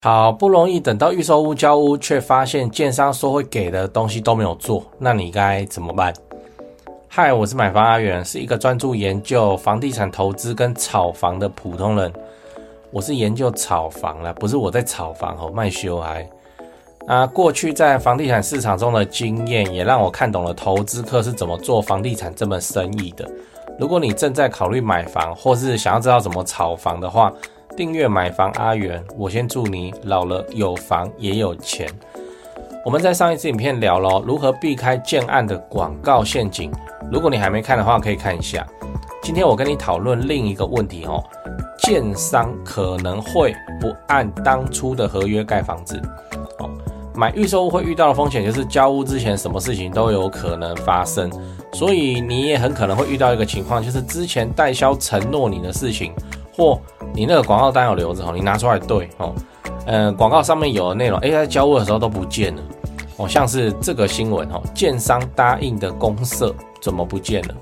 好不容易等到預售屋交屋，卻發現建商說會給的東西都沒有做，那你該怎麼辦？嗨，我是買房阿元，是一個專注研究房地產投資跟炒房的普通人。我是研究炒房啦，不是我在炒房和賣修來。那、啊、過去在房地產市場中的經驗，也讓我看懂了投資客是怎麼做房地產這門生意的。如果你正在考慮買房，或是想要知道怎麼炒房的話，訂閱買房阿元，我先祝你老了有房也有錢。我們在上一次影片聊了如何避開建案的廣告陷阱，如果你還沒看的話，可以看一下。今天我跟你討論另一個問題哦，建商可能會不按當初的合約蓋房子哦。買預售屋會遇到的風險就是交屋之前什麼事情都有可能發生，所以你也很可能會遇到一個情況，就是之前代銷承諾你的事情或。你那個廣告單有留着你拿出來對哦，廣、嗯、告上面有的內容，AI、欸、交屋的時候都不見了哦，像是這個新聞，建商答應的公設怎麼不見了？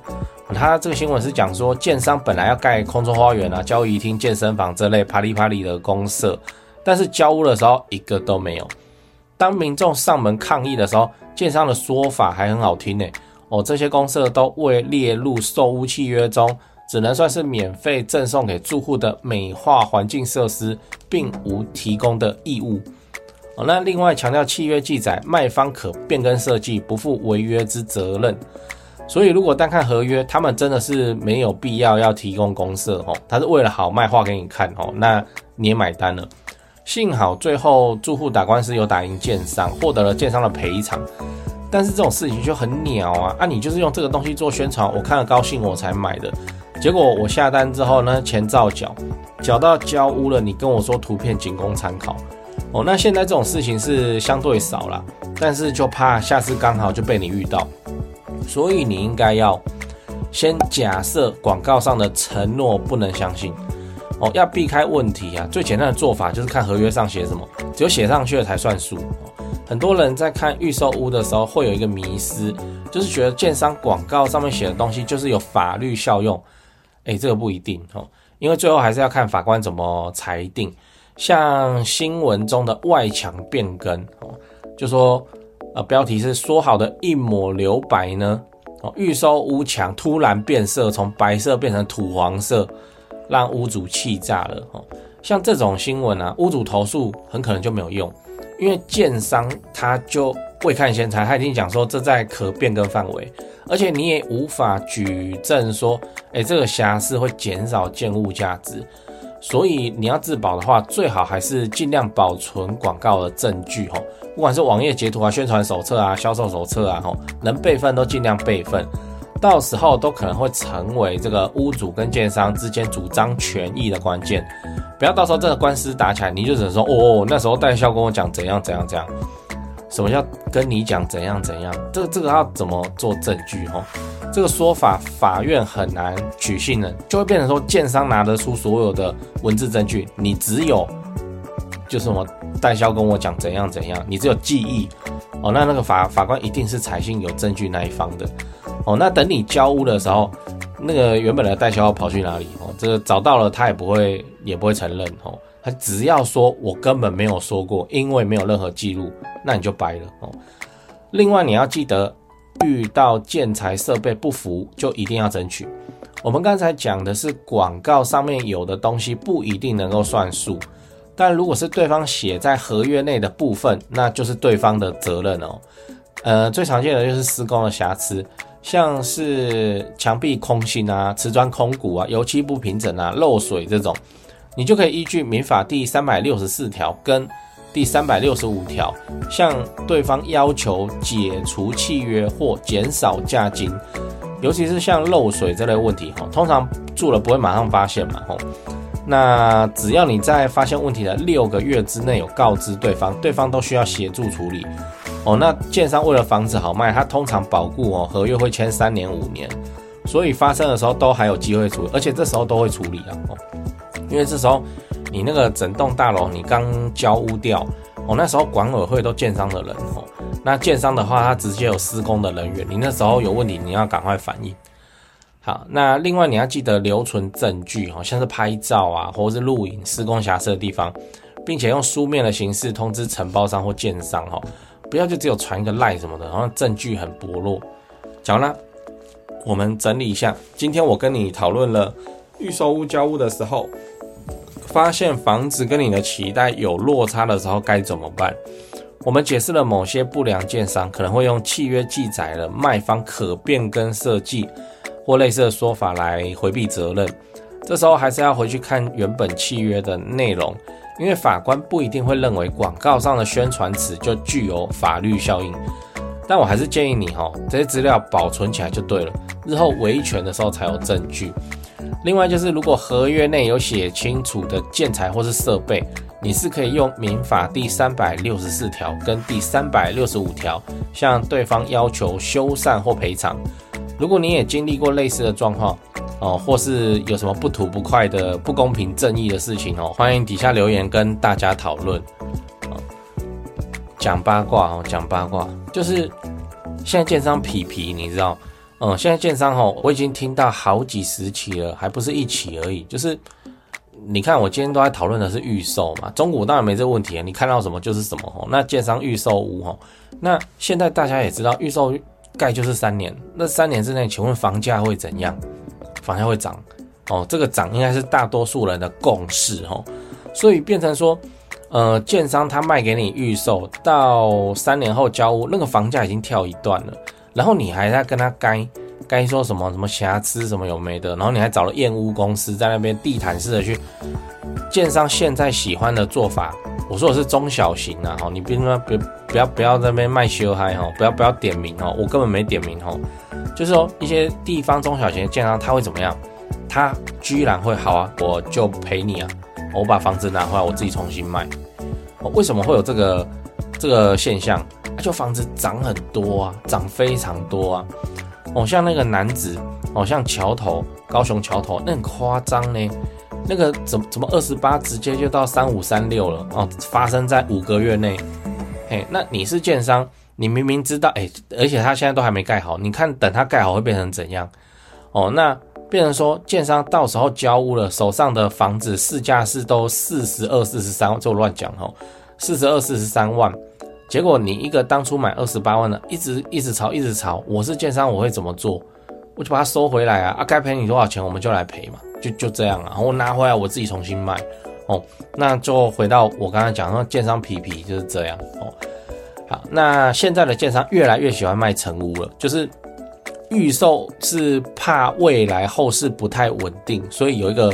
他這個新聞是講說，建商本來要蓋空中花園啊、交誼廳、健身房這類啪裡啪裡的公設，但是交屋的時候一個都沒有。當民眾上門抗議的時候，建商的說法還很好聽呢、欸、哦，這些公設都未列入售屋契約中。只能算是免費贈送給住戶的美化環境設施，並無提供的義務。哦，那另外強調契約記載，賣方可變更設計，不負違約之責任。所以如果單看合約，他們真的是沒有必要要提供公設。哦，他是為了好賣畫給你看哦，那你也買單了。幸好最後住戶打官司有打贏建商，獲得了建商的賠償。但是這種事情就很鳥啊，啊你就是用這個東西做宣傳，我看了高興我才買的。結果我下單之後呢，錢照繳，繳到交屋了。你跟我說圖片僅供參考，哦，那現在這種事情是相對少了，但是就怕下次剛好就被你遇到，所以你應該要先假設廣告上的承諾不能相信，哦，要避開問題啊。最簡單的做法就是看合約上寫什麼，只有寫上去了才算數。很多人在看預售屋的時候會有一個迷思，就是覺得建商廣告上面寫的東西就是有法律效用。哎，這個不一定哦，因為最後還是要看法官怎麼裁定。像新聞中的外牆變更哦，就說，呃，標題是說好的一抹留白呢，哦，預收屋預售屋牆突然變色，從白色變成土黃色，讓屋主氣炸了哦。像這種新聞啊，屋主投訴很可能就沒有用，因為建商他就，會看先裁，他已經講說這在可變更範圍，而且你也無法舉證說，誒，這個瑕疵會減少建物價值，所以你要自保的話，最好還是儘量保存廣告的證據吼，不管是網頁截圖啊、宣傳手冊啊、銷售手冊啊，吼，能備份都儘量備份，到時候都可能會成為這個屋主跟建商之間主張權益的關鍵，不要到時候這個官司打起來，你就只能說，哦,哦，哦、那時候代銷跟我講怎樣怎樣怎樣。什麼叫跟你講怎樣怎樣？這這個要怎麼做證據？哦？這個說法法院很難取信的，就會變成說，建商拿得出所有的文字證據，你只有就是我代銷跟我講怎樣怎樣，你只有記憶，哦，那那個法法官一定是採信有證據那一方的，哦，那等你交屋的時候，那個原本的代銷要跑去哪裡？哦，這個找到了他也不會也不會承認，哦。只要說我根本沒有說過，因為沒有任何記錄，那你就掰了哦。另外，你要記得，遇到建材設備不符，就一定要爭取。我們剛才講的是廣告上面有的東西不一定能夠算數，但如果是對方寫在合約內的部分，那就是對方的責任哦。呃，最常見的就是施工的瑕疵，像是牆壁空心啊、瓷磚空鼓啊、油漆不平整啊、漏水這種。你就可以依據民法第三百六十四條跟第三百六十五條，向對方要求解除契約或減少價金，尤其是像漏水這類問題，哈，通常住了不會馬上發現嘛，那只要你在發現問題的六個月之內有告知對方，對方都需要協助處理，哦，那建商為了房子好賣，他通常保固哦，合約會簽三年五年，所以發生的時候都還有機會處理，而且這時候都會處理啊，哦。因為這時候你那個整棟大樓你剛交屋掉，我、哦、那時候管委會都建商的人哦，那建商的話他直接有施工的人員，你那時候有問題你要趕快反應。好，那另外你要記得留存證據哦，像是拍照啊或者是錄影施工瑕疵的地方，並且用書面的形式通知承包商或建商哦，不要就只有傳一個賴什麼的，然後證據很薄弱。講完了，我們整理一下，今天我跟你討論了預售屋交屋的時候。發現房子跟你的期待有落差的時候該怎麼辦？我們解釋了某些不良建商可能會用契約記載了賣方可變更設計或類似的說法來回避責任，這時候還是要回去看原本契約的內容，因為法官不一定會認為廣告上的宣傳詞就具有法律效應。但我還是建議你，哦，這些資料保存起來就對了，日後維權的時候才有證據。另外就是，如果合約內有寫清楚的建材或是設備，你是可以用民法第三百六十四條跟第三百六十五條向對方要求修繕或賠償。如果你也經歷過類似的狀況哦，或是有什麼不吐不快的不公平正義的事情哦，歡迎底下留言跟大家討論。講八卦哦，講八卦，就是現在建商皮皮，你知道？嗯，現在建商齁，我已經聽到好幾十起了，還不是一起而已。就是你看，我今天都在討論的是預售嘛，中古當然沒這問題啊，你看到什麼就是什麼齁。那建商預售屋齁，那現在大家也知道，預售蓋就是三年，那三年之內請問房價會怎樣？房價會漲。哦，這個漲應該是大多數人的共識齁，所以變成說，呃，建商他賣給你預售到三年後交屋，那個房價已經跳一段了。然後你還在跟他該該說什麼什麼瑕疵什麼有沒的，然後你還找了驗屋公司在那邊地毯式的去，建商現在喜歡的做法，我說的是中小型啊，哈，你別說不不要不要，不要在那邊賣修嗨哈，不要不要點名哦，我根本沒點名哦。就是說一些地方中小型的建商他會怎麼樣，他居然會好啊，我就賠你啊，我把房子拿回來，我自己重新賣。為什麼會有這個這個現象？就房子漲很多啊，漲非常多啊！哦，像那個楠梓，哦，像橋頭、高雄橋頭，那很誇張呢。那個怎麼怎麼二十八直接就到三五三六了哦？發生在五個月內，嘿，那你是建商，你明明知道，誒，而且他現在都還沒蓋好，你看等他蓋好會變成怎樣？哦，那變成說建商到時候交屋了，手上的房子市價是都四十二、四十三，就亂講哈、哦，四十二、四十三萬。結果你一個當初買二十八萬的，一直一直炒，一直炒。我是建商，我會怎麼做？我就把它收回來啊！啊，該賠你多少錢，我們就來賠嘛，就就這樣啊！我拿回來，我自己重新賣。哦，那就回到我剛才講說，建商皮皮就是這樣。哦，好，那現在的建商越來越喜歡賣成屋了，就是預售是怕未來後市不太穩定，所以有一個。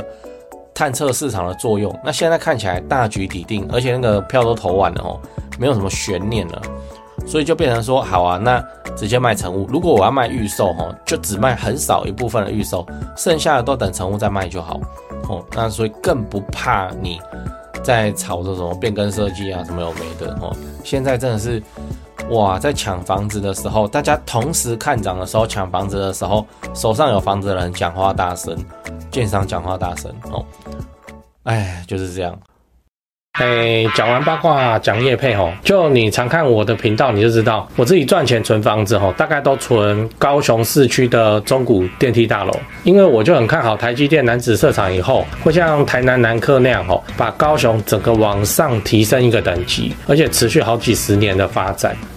探測市場的作用，那現在看起來大局已定，而且那個票都投完了哦，沒有什麼懸念了，所以就變成說好啊，那直接賣成屋。如果我要賣預售哦，就只賣很少一部分的預售，剩下的都等成屋再賣就好哦。那所以更不怕你在炒着什麼變更設計啊什麼有沒的哦。現在真的是哇，在搶房子的時候，大家同時看漲的時候搶房子的時候，手上有房子的人講話大聲，建商講話大聲哦。哎，就是這樣。哎、欸，講完八卦、啊，講業配吼、喔，就你常看我的頻道，你就知道我自己賺錢存房子吼、喔，大概都存高雄市區的中古電梯大樓，因為我就很看好台積電南子楠梓設廠以後，會像台南南科那樣吼、喔，把高雄整個往上提升一個等級，而且持續好幾十年的發展。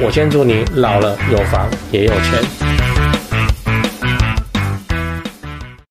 我先祝你老了有房也有錢。